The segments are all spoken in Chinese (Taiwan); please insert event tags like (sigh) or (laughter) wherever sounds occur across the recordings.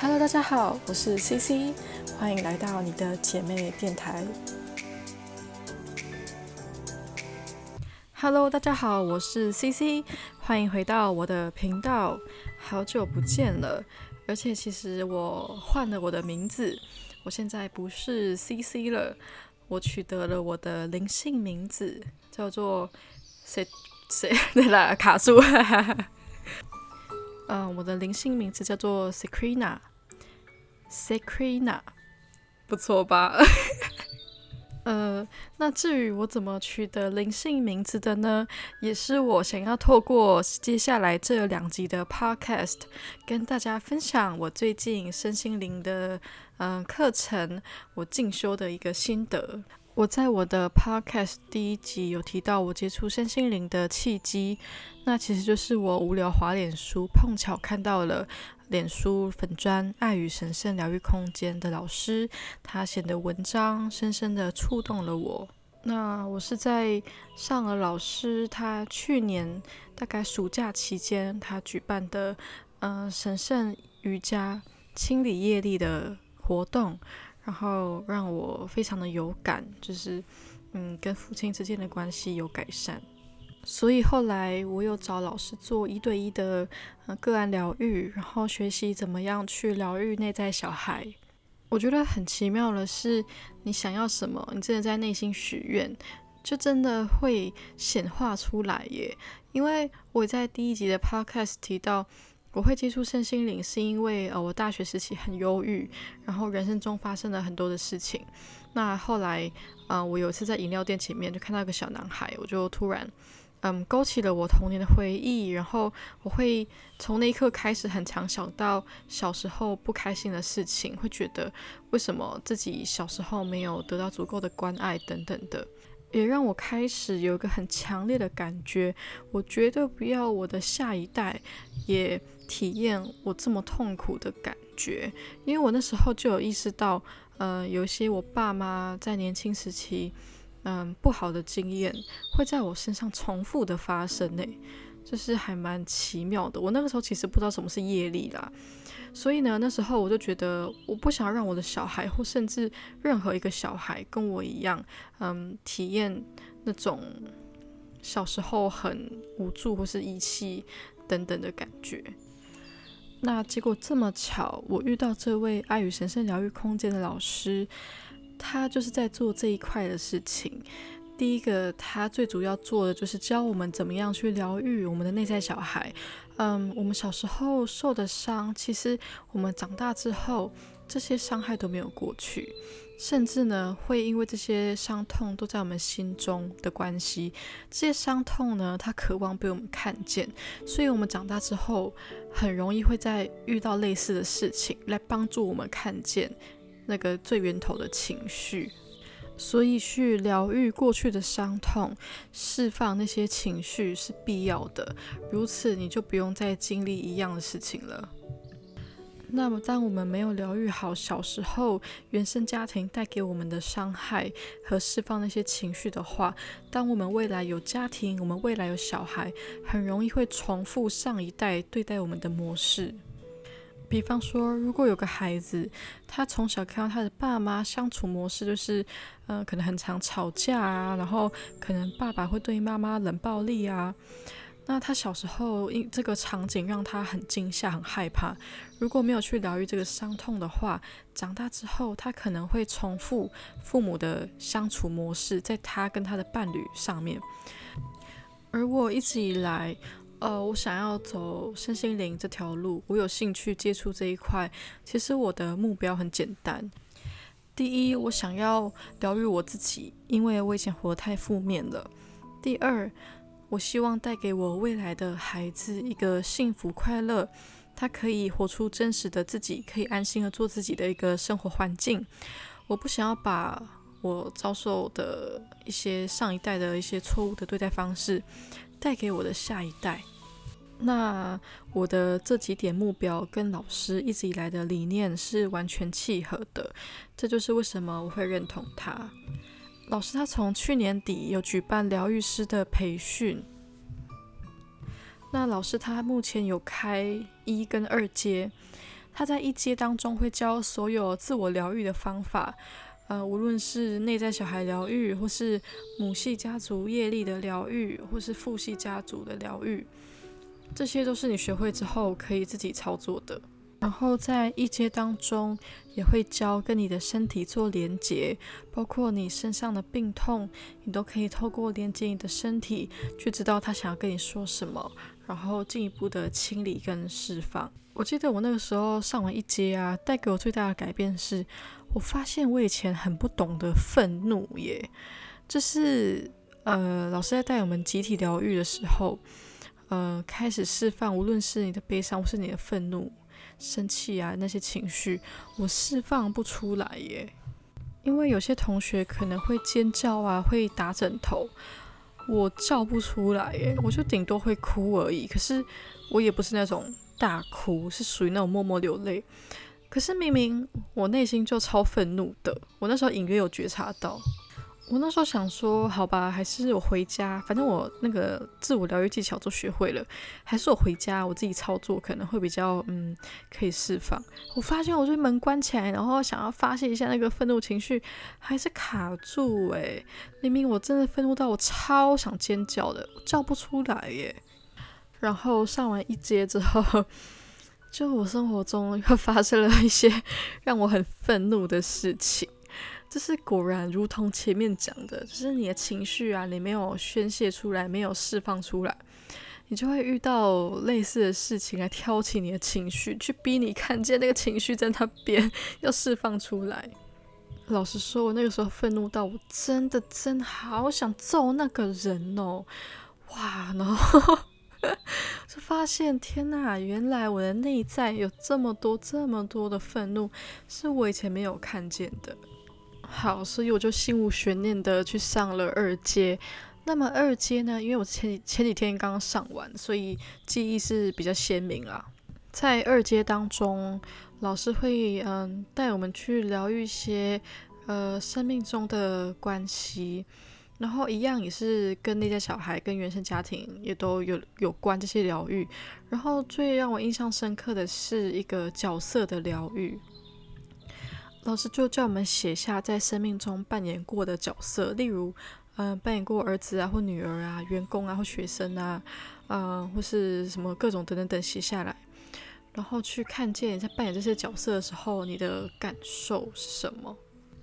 Hello，大家好，我是 CC，歡迎來到你的姐妹電台。Hello，大家好，我是 CC，歡迎回到我的頻道，好久不見了，而且其實我換了我的名字，我現在不是 CC 了，我取得了我的靈性名字，叫做誰誰對了， (laughs) 卡素書笑。嗯、呃，我的靈性名字叫做 Cekrina，Cekrina，不錯吧？ (laughs) 呃，那至於我怎麼取得靈性名字的呢？也是我想要透過接下來這兩集的 Podcast 跟大家分享我最近身心靈的嗯、呃、課程，我進修的一個心得。我在我的 podcast 第一集有提到我接觸身心靈的契機，那其實就是我無聊滑臉書，碰巧看到了臉書粉專愛與神聖療癒空間的老師，他寫的文章深深地觸動了我。那我是在上了老師他去年大概暑假期間他舉辦的嗯、呃、神聖瑜伽清理業力的活動。然後讓我非常的有感，就是，嗯，跟父親之間的關係有改善。所以後來我又找老師做一對一的個案療癒，然後學習怎麼樣去療癒內在小孩。我覺得很奇妙的是，你想要什麼，你真的在內心許願，就真的會顯化出來耶。因為我在第一集的 Podcast 提到。我會接觸身心靈，是因為呃，我大學時期很憂鬱，然後人生中發生了很多的事情。那後來，呃，我有一次在飲料店前面就看到一個小男孩，我就突然，嗯，勾起了我童年的回憶。然後我會從那一刻開始，很常想到小時候不開心的事情，會覺得為什麼自己小時候沒有得到足夠的關愛等等的。也讓我開始有一個很強烈的感覺，我絕對不要我的下一代也體驗我這麼痛苦的感覺，因為我那時候就有意識到，呃，有些我爸媽在年輕時期，嗯、呃，不好的經驗會在我身上重複的發生嘞、欸，就是還蠻奇妙的。我那個時候其實不知道什麼是業力啦。所以呢，那時候我就覺得，我不想讓我的小孩，或甚至任何一個小孩，跟我一樣，嗯，體驗那種小時候很無助或是遺棄等等的感覺。那結果這麼巧，我遇到這位愛與神聖療癒空間的老師，他就是在做這一塊的事情。第一個，他最主要做的就是教我們怎麼樣去療癒我們的內在小孩。嗯，我們小時候受的傷，其實我們長大之後，這些傷害都沒有過去，甚至呢，會因為這些傷痛都在我們心中的關係，這些傷痛呢，它渴望被我們看見，所以，我們長大之後，很容易會再遇到類似的事情，來幫助我們看見那個最源頭的情緒。所以，去療癒過去的傷痛，釋放那些情緒是必要的。如此，你就不用再經歷一樣的事情了。那麼，當我們沒有療癒好小時候原生家庭帶給我們的傷害和釋放那些情緒的話，當我們未來有家庭，我們未來有小孩，很容易會重複上一代對待我們的模式。比方說，如果有個孩子，他從小看到他的爸媽相處模式就是，呃，可能很常吵架啊，然後可能爸爸會對媽媽冷暴力啊，那他小時候因這個場景讓他很驚嚇、很害怕。如果沒有去療癒這個傷痛的話，長大之後他可能會重複父母的相處模式，在他跟他的伴侶上面。而我一直以來，呃，我想要走身心靈這條路，我有興趣接觸這一塊。其實我的目標很簡單：第一，我想要療癒我自己，因為我以前活得太負面了；第二，我希望帶給我未來的孩子一個幸福快樂，他可以活出真實的自己，可以安心的做自己的一個生活環境。我不想要把我遭受的一些上一代的一些錯誤的對待方式，帶給我的下一代。那我的這幾點目標跟老師一直以來的理念是完全契合的，這就是為什麼我會認同他。老師他從去年底有舉辦療癒師的培訓，那老師他目前有開一跟二階，他在一階當中會教所有自我療癒的方法。呃，無論是內在小孩療癒，或是母系家族業力的療癒，或是父系家族的療癒，這些都是你學會之後可以自己操作的。然後在一階當中也會教跟你的身體做連接，包括你身上的病痛，你都可以透過連接你的身體，去知道他想要跟你說什麼，然後進一步的清理跟釋放。我記得我那個時候上完一階啊，帶給我最大的改變是。我發現我以前很不懂得憤怒耶，就是呃，老師在帶我們集體療癒的時候，呃，開始釋放，無論是你的悲傷，或是你的憤怒、生氣啊那些情緒，我釋放不出來耶。因為有些同學可能會尖叫啊，會打枕頭，我叫不出來耶，我就頂多會哭而已。可是我也不是那種大哭，是屬於那種默默流淚。可是明明我內心就超憤怒的，我那時候隱約有覺察到，我那時候想說，好吧，還是我回家，反正我那個自我療癒技巧都學會了，還是我回家，我自己操作可能會比較，嗯，可以釋放。我發現我這門關起來，然後想要發洩一下那個憤怒情緒，還是卡住誒、欸，明明我真的憤怒到我超想尖叫的，叫不出來耶、欸。然後上完一階之後。就我生活中又發生了一些讓我很憤怒的事情，就是果然如同前面講的，就是你的情緒啊，你沒有宣洩出來，沒有釋放出來，你就會遇到類似的事情來挑起你的情緒，去逼你看見那個情緒在那邊要釋放出來。老實說，我那個時候憤怒到我真的真好想揍那個人哦，哇，然後。 (laughs) 就發現，天哪！原來我的內在有這麼多、這麼多的憤怒，是我以前沒有看見的。好，所以我就心無懸念的去上了二階。那麼二階呢？因為我前前幾天剛上完，所以記憶是比較鮮明啊，在二階當中，老師會嗯帶我們去療癒一些呃生命中的關係。然後一樣也是跟內在小孩、跟原生家庭也都有有關這些療癒。然後最讓我印象深刻的是一個角色的療癒，老師就叫我們寫下在生命中扮演過的角色，例如，嗯、呃，扮演過兒子啊或女兒啊、員工啊或學生啊，啊、呃、或是什麼各種等等等寫下來，然後去看見在扮演這些角色的時候，你的感受是什麼？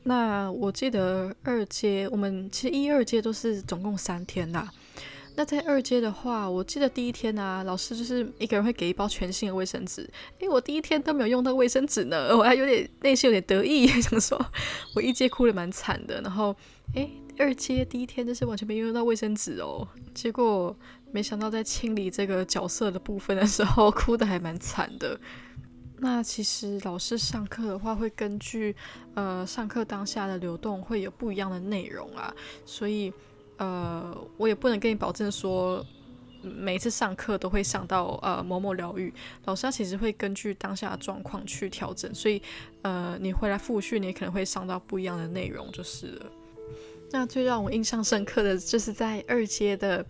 那我記得二階，我們其實一、二階都是總共三天啦、啊。那在二階的話，我記得第一天啊，老師就是一個人會給一包全新的衛生紙。哎、欸，我第一天都沒有用到衛生紙呢，我還有點內心有點得意，想說我一階哭得蠻慘的，然後哎、欸，二階第一天就是完全沒用到衛生紙哦。結果沒想到在清理這個角色的部分的時候，哭得還蠻慘的。那其實老師上課的話，會根據，呃，上課當下的流動，會有不一樣的內容啊。所以，呃，我也不能跟你保證說，每次上課都會上到呃某某療癒。老師他其實會根據當下的狀況去調整，所以，呃，你回來復訓，你也可能會上到不一樣的內容，就是了。那最讓我印象深刻的就是在二階的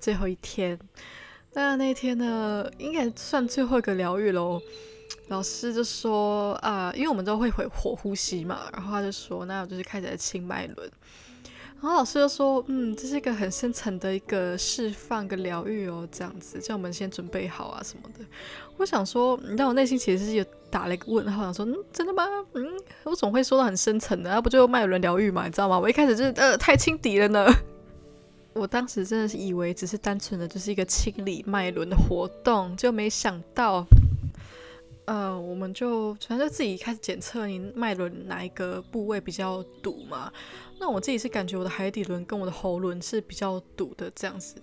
最後一天。那那天呢，應該算最後一個療癒嘍。老師就說啊，因為我們都會回火呼吸嘛，然後他就說，那我就是開始在清脈輪，然後老師就說，嗯，這是一個很深層的一個釋放跟療癒哦，這樣子叫我們先準備好啊什麼的。我想說，你知道我內心其實是有打了一個問號，想說，嗯，真的嗎？嗯，我總會說到很深層的？那、啊、不就脈輪療癒嘛，你知道嗎？我一開始就是呃太輕敵了呢。我當時真的是以為只是單純的就是一個清理脈輪的活動，就沒想到。呃，我們就反正自己開始檢測，你脈輪哪一個部位比較堵嘛？那我自己是感覺我的海底輪跟我的喉輪是比較堵的這樣子。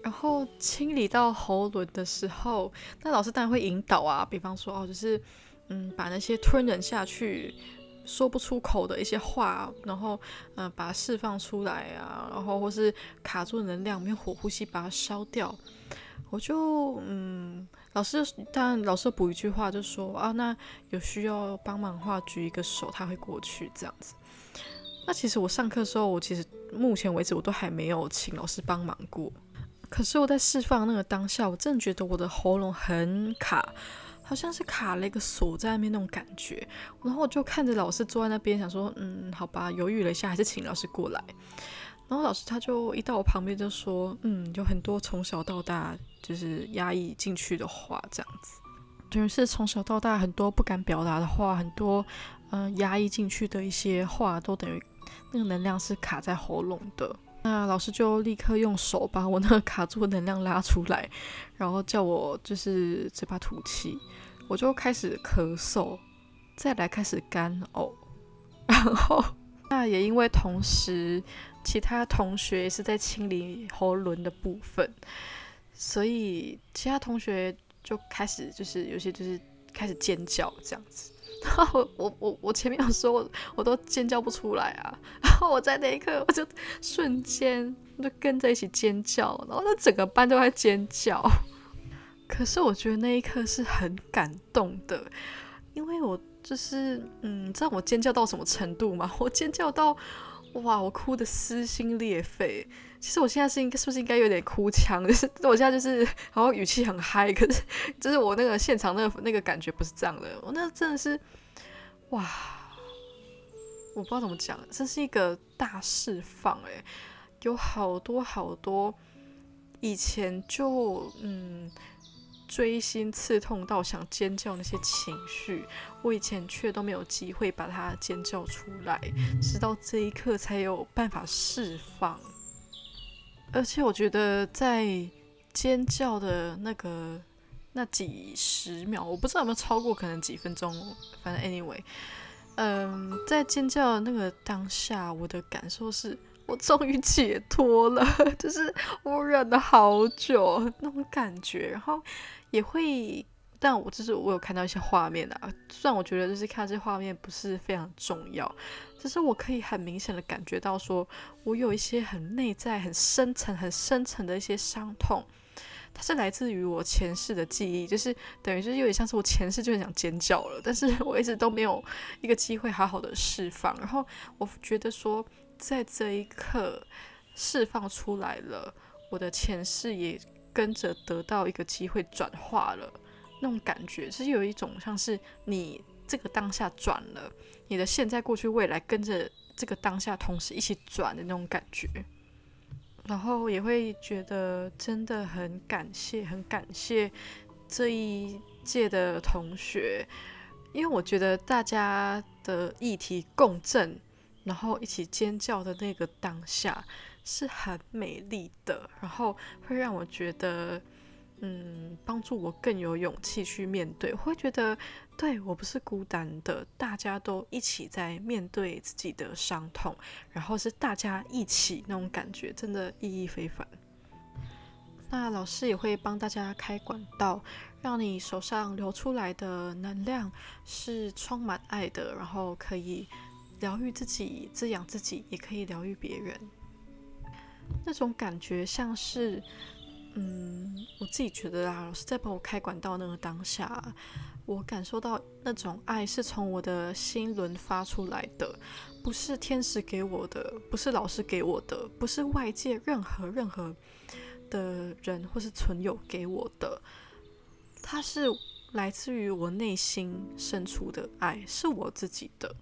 然後清理到喉輪的時候，那老師當然會引導啊，比方說哦，就是嗯，把那些吞忍下去說不出口的一些話，然後嗯、呃，把它釋放出來啊，然後或是卡住的能量，沒有火呼吸把它燒掉。我就嗯，老師，但老師補一句話，就說啊，那有需要幫忙的話舉一個手，他會過去這樣子。那其實我上課的時候，我其實目前為止我都還沒有請老師幫忙過。可是我在釋放那個當下，我真的覺得我的喉嚨很卡，好像是卡了一個鎖在那邊那種感覺。然後我就看着老師坐在那邊，想說，嗯，好吧，猶豫了一下，還是請老師過來。然後老師他就一到我旁邊就說：“嗯，有很多從小到大就是壓抑進去的話，這樣子，等於是從小到大很多不敢表達的話，很多，嗯、呃，壓抑進去的一些話，都等於那個能量是卡在喉嚨的。那老師就立刻用手把我那個卡住的能量拉出來，然後叫我就是嘴巴吐氣，我就開始咳嗽，再來開始乾嘔，哦，然後。”那也因為同時，其他同學也是在清理喉輪的部分，所以其他同學就開始就是有些就是開始尖叫這樣子。然後我我我我前面有說，我我都尖叫不出來啊。然後我在那一刻，我就瞬間就跟着一起尖叫，然後那整個班都在尖叫。可是我覺得那一刻是很感動的，因為我。就是，嗯，你知道我尖叫到什麼程度嗎？我尖叫到，哇！我哭得撕心裂肺。其實我現在是應該，是不是應該有點哭腔？就是我現在就是，好像語氣很嗨，可是，就是我那個現場那個、那個感覺不是這樣的。我那真的是，哇！我不知道怎麼講，這是一個大釋放哎，有好多好多，以前就，嗯。錐心刺痛到想尖叫那些情緒，我以前卻都沒有機會把它尖叫出來，直到這一刻才有辦法釋放。而且我覺得在尖叫的那個那幾十秒，我不知道有沒有超過，可能幾分鐘，反正 anyway。嗯，在尖叫的那個當下，我的感受是我終於解脫了，就是我忍了好久那種感覺。然後也會，但我就是我有看到一些畫面啊，雖然我覺得就是看這畫面不是非常重要，只是我可以很明顯的感覺到說，說我有一些很內在、很深層、很深層的一些傷痛。它是來自於我前世的記憶，就是等於就是有點像是我前世就很想尖叫了，但是我一直都沒有一個機會好好的釋放。然後我覺得說，在這一刻釋放出來了，我的前世也跟着得到一個機會轉化了。那種感覺就是有一種像是你這個當下轉了，你的現在、過去、未來跟着這個當下同時一起轉的那種感覺。然後也會覺得真的很感謝，很感謝這一屆的同學，因為我覺得大家的議題共振，然後一起尖叫的那個當下是很美麗的，然後會讓我覺得，嗯，幫助我更有勇氣去面對，我會覺得。對，我不是孤單的，大家都一起在面對自己的傷痛，然後是大家一起那種感覺，真的意義非凡。那老師也會幫大家開管道，讓你手上流出來的能量是充滿愛的，然後可以療愈自己、滋養自己，也可以療愈別人。那種感覺像是。嗯，我自己覺得啊，老師在幫我開管道那個當下，我感受到那種愛是從我的心輪發出來的，不是天使給我的，不是老師給我的，不是外界任何任何的人或是存有給我的，它是來自於我內心深處的愛，是我自己的。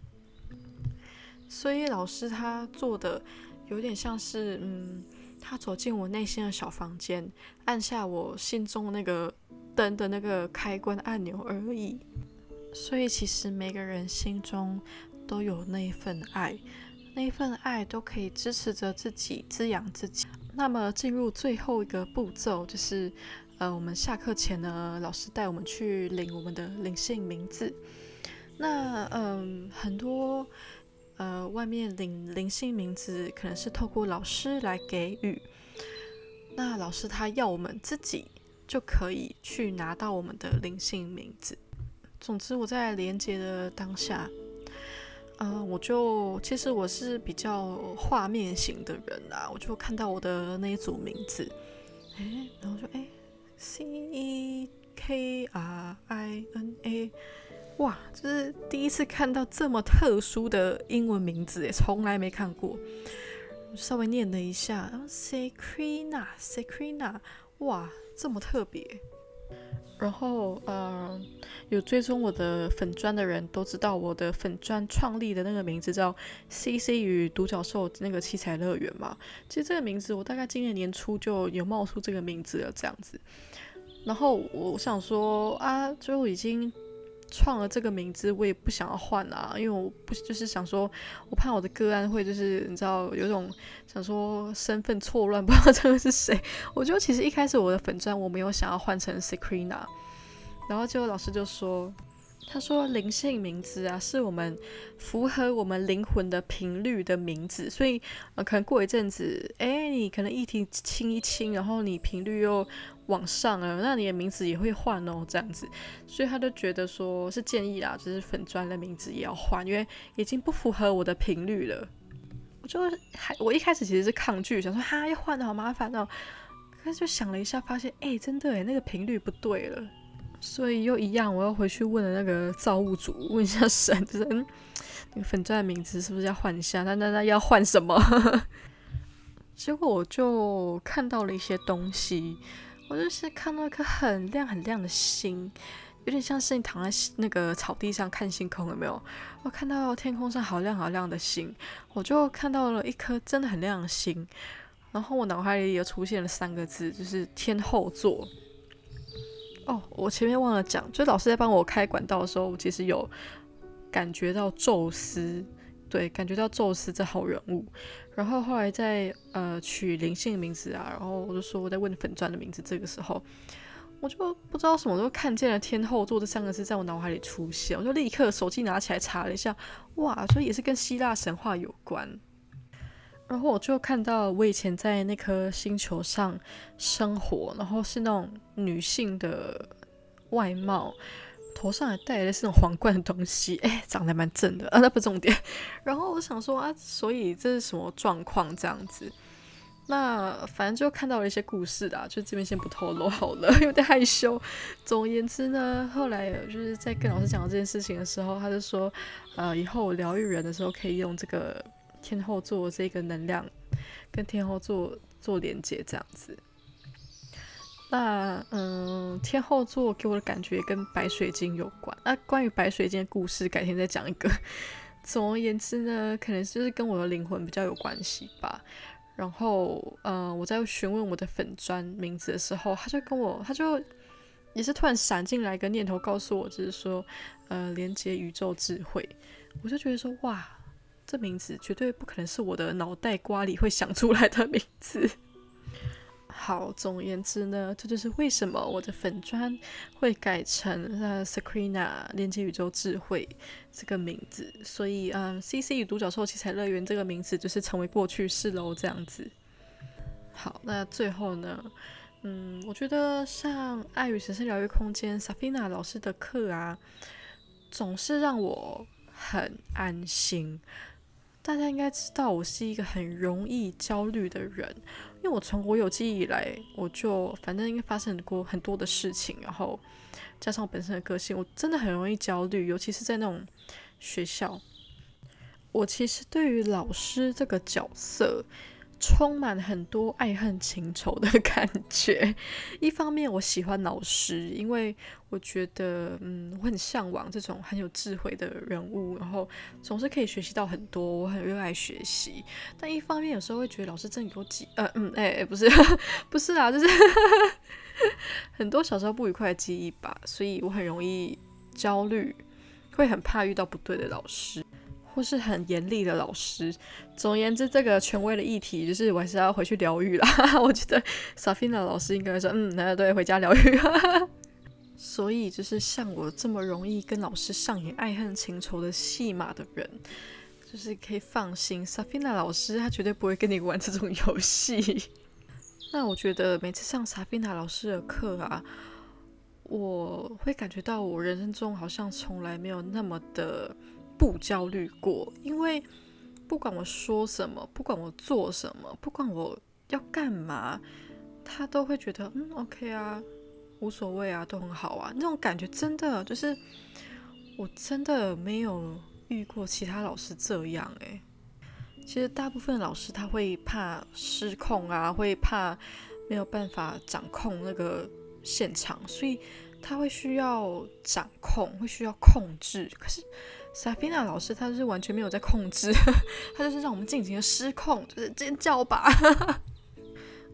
所以老師他做的有點像是嗯。他走進我內心的小房間，按下我心中那個燈的那個開關按鈕而已。所以其實每個人心中都有那一份愛，那一份愛都可以支持着自己，滋養自己。那麼進入最後一個步驟，就是呃，我們下課前呢，老師帶我們去領我們的靈性名字。那嗯，很多。呃，外面的靈靈性名字可能是透過老師來給予，那老師他要我們自己就可以去拿到我們的靈性名字。總之我在連接的當下，呃，我就其實我是比較畫面型的人啦，我就看到我的那一組名字，哎、欸，然後就，哎、欸、，C E K R I N A。哇，這、就是第一次看到這麼特殊的英文名字誒，從來沒看過。稍微念了一下，然後 Cekrina，Cekrina 哇，這麼特別。然後，呃，有追蹤我的粉專的人都知道我的粉專創立的那個名字叫 C C 與獨角獸那個七彩樂園嘛。其實這個名字我大概今年年初就有冒出這個名字了，這樣子。然後我想說啊，就已經。創了這個名字，我也不想要換啊，因為我不就是想說，我怕我的個案會就是你知道有種想說身份錯亂，不知道這個是誰。我覺得其實一開始我的粉專我沒有想要換成 Cekrina，然後結果老師就說。他說：“靈性名字啊，是我們符合我們靈魂的頻率的名字，所以、呃、可能過一陣子，哎，你可能一聽清一清，然後你頻率又往上了，那你的名字也會換哦，這樣子。所以他就覺得說，是建議啦，就是粉專的名字也要換，因為已經不符合我的頻率了。我就還，我一開始其實是抗拒，想說，哈，要換的好麻煩哦。可是就想了一下，發現，哎，真的，哎，那個頻率不對了。”所以又一樣，我要回去問了那個造物主，問一下神人，那個粉鑽的名字是不是要換一下？那那那要換什麼？ (laughs) 結果我就看到了一些東西，我就是看到一顆很亮很亮的星，有點像是你躺在那個草地上看星空，有沒有？我看到天空上好亮好亮的星，我就看到了一顆真的很亮的星，然後我腦海裡也出現了三個字，就是天后座。哦，我前面忘了講，就老師在幫我開管道的時候，我其實有感覺到宙斯，對，感覺到宙斯這號人物，然後後來在呃取靈性的名字啊，然後我就說我在問粉專的名字，這個時候我就不知道什麼時候看見了天后座這三個字在我腦海裡出現，我就立刻手機拿起來查了一下，哇，所以也是跟希臘神話有關。然後我就看到我以前在那顆星球上生活，然後是那種女性的外貌，頭上還戴的是那種皇冠的東西，哎，長得還蠻正的啊，那不重點。然後我想說啊，所以這是什麼狀況這樣子？那反正就看到了一些故事啦，就這邊先不透露好了，有點害羞。總而言之呢，後來就是在跟老師講這件事情的時候，他就說，呃，以後我療癒人的時候可以用這個。天后座，這個能量跟天后座做連接，這樣子。那嗯，天后座給我的感覺跟白水晶有關。那、啊、關於白水晶的故事，改天再講一個。總而言之呢，可能就是跟我的靈魂比較有關係吧。然後，呃、嗯，我在詢問我的粉專名字的時候，他就跟我，他就也是突然閃進來一個念頭，告訴我就是說，呃，連接宇宙智慧。我就覺得說，哇。這名字絕對不可能是我的腦袋瓜裡會想出來的名字。好，總而言之呢，這就是為什麼我的粉專會改成 Cekrina 連結宇宙智慧這個名字。所以，嗯，CC 與獨角獸七彩樂園這個名字就是成為過去式嘍，哦，這樣子。好，那最後呢，嗯，我覺得像愛與神聖療癒空間 Cekrina 老師的課啊，總是讓我很安心。大家應該知道我是一個很容易焦慮的人，因為我從我有記憶以來，我就反正應該發生過很多的事情，然後加上我本身的個性，我真的很容易焦慮，尤其是在那種學校。我其實對於老師這個角色，充滿很多愛恨情仇的感覺。一方面，我喜歡老師，因為我覺得，嗯，我很向往這種很有智慧的人物，然後總是可以學習到很多。我很熱愛學習。但一方面，有時候會覺得老師真的有幾，呃，嗯，哎、欸欸，不是，呵呵不是啊，就是呵呵很多小時候不愉快的記憶吧，所以我很容易焦慮，會很怕遇到不對的老師。或是很嚴厲的老師，總而言之，這個權威的議題就是我還是要回去療癒了。 (laughs) 我覺得薩菲娜老師應該說，嗯，都對，回家療癒。 (laughs) 所以，就是像我這麼容易跟老師上演愛恨情仇的戲碼的人，就是可以放心，薩菲娜老師他絕對不會跟你玩這種遊戲。 (laughs) 那我覺得每次上薩菲娜老師的課啊，我會感覺到我人生中好像從來沒有那麼的。不焦慮過，因為不管我說什麼，不管我做什麼，不管我要幹嘛，他都會覺得嗯，OK 啊，無所謂啊，都很好啊。那種感覺真的就是，我真的沒有遇過其他老師這樣欸。其實大部分老師他會怕失控啊，會怕沒有辦法掌控那個現場，所以他會需要掌控，會需要控制。可是。Safina 老師，他是完全沒有在控制，他就是讓我們盡情的失控，就是尖叫吧。呵呵，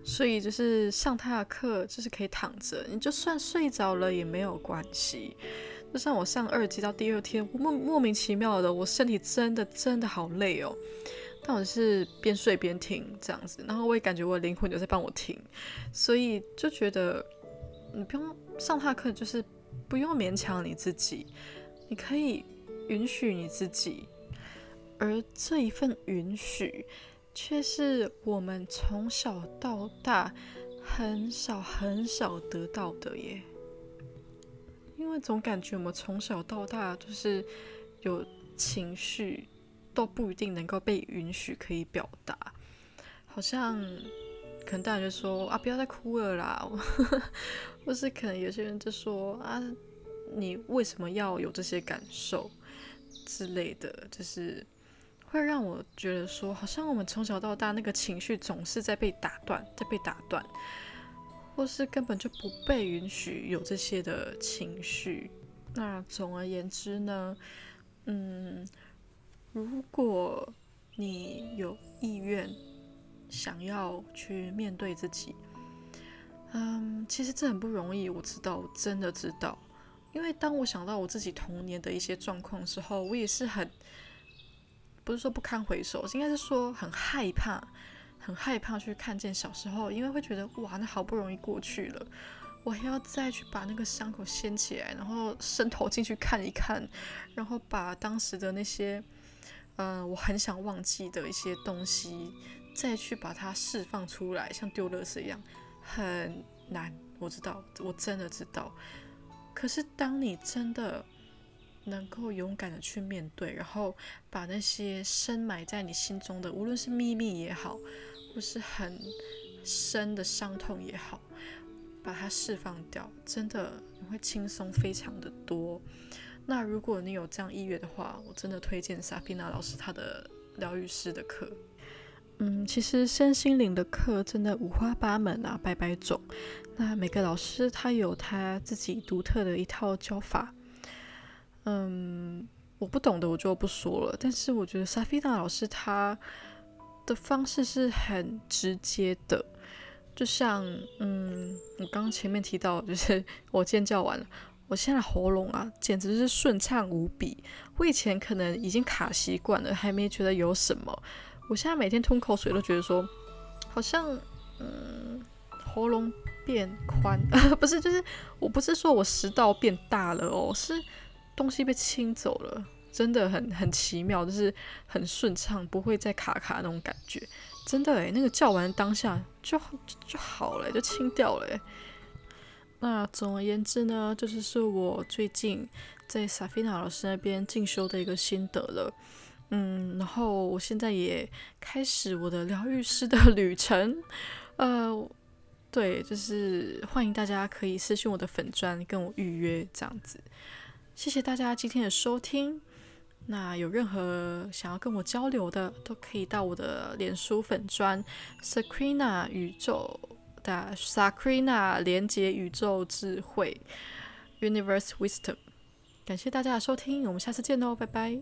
所以就是上他的課，就是可以躺着，你就算睡着了也沒有關係。就像我上二級到第二天，我莫莫名其妙的，我身體真的真的好累哦。但我是邊睡邊聽這樣子，然後我也感覺我的靈魂就在幫我聽，所以就覺得你不用上他的課，就是不用勉強你自己，你可以，允許你自己，而這一份允許，卻是我們從小到大很少很少得到的耶。因為總感覺我們從小到大就是有情緒，都不一定能夠被允許可以表達，好像可能大人就說啊，不要再哭了啦， (laughs) 或是可能有些人就說啊，你為什麼要有這些感受？之類的就是會讓我覺得說，好像我們從小到大那個情緒總是在被打斷，在被打斷，或是根本就不被允許有這些的情緒。那總而言之呢，嗯，如果你有意願想要去面對自己，嗯，其實這很不容易，我知道，我真的知道。因為當我想到我自己童年的一些狀況的時候，我也是很，不是說不堪回首，應該是說很害怕，很害怕去看見小時候，因為會覺得哇，那好不容易過去了，我還要再去把那個傷口掀起來，然後伸頭進去看一看，然後把當時的那些，嗯、呃，我很想忘記的一些東西，再去把它釋放出來，像丟垃圾一樣，很難，我知道，我真的知道。可是，當你真的能夠勇敢的去面對，然後把那些深埋在你心中的，無論是秘密也好，或是很深的傷痛也好，把它釋放掉，真的你會輕鬆非常的多。那如果你有這樣意願的話，我真的推薦薩菲娜老師她的療癒師的課。嗯，其實身心靈的課真的五花八門啊，百百種。那每個老師他有他自己獨特的一套教法。嗯，我不懂的我就不說了。但是我覺得 Safina 老師她的方式是很直接的，就像嗯，我剛剛前面提到，就是我尖叫完了，我現在喉嚨啊，簡直是順暢無比。我以前可能已經卡習慣了，還沒覺得有什麼。我現在每天吞口水都覺得說，好像嗯喉嚨變寬，啊，不是，就是我不是說我食道變大了哦，是東西被清走了，真的很很奇妙，就是很順暢，不會再卡卡那種感覺，真的哎，那個叫完當下就就，就好了，就清掉了。那總而言之呢，就是是我最近在薩菲娜老師那邊進修的一個心得了。嗯，然後我現在也開始我的療癒師的旅程。呃，對，就是歡迎大家可以私信我的粉專跟我預約這樣子。謝謝大家今天的收聽。那有任何想要跟我交流的，都可以到我的臉書粉專 Cekrina 宇宙的 Cekrina 連結宇宙智慧 Universe Wisdom。感謝大家的收聽，我們下次見哦，拜拜。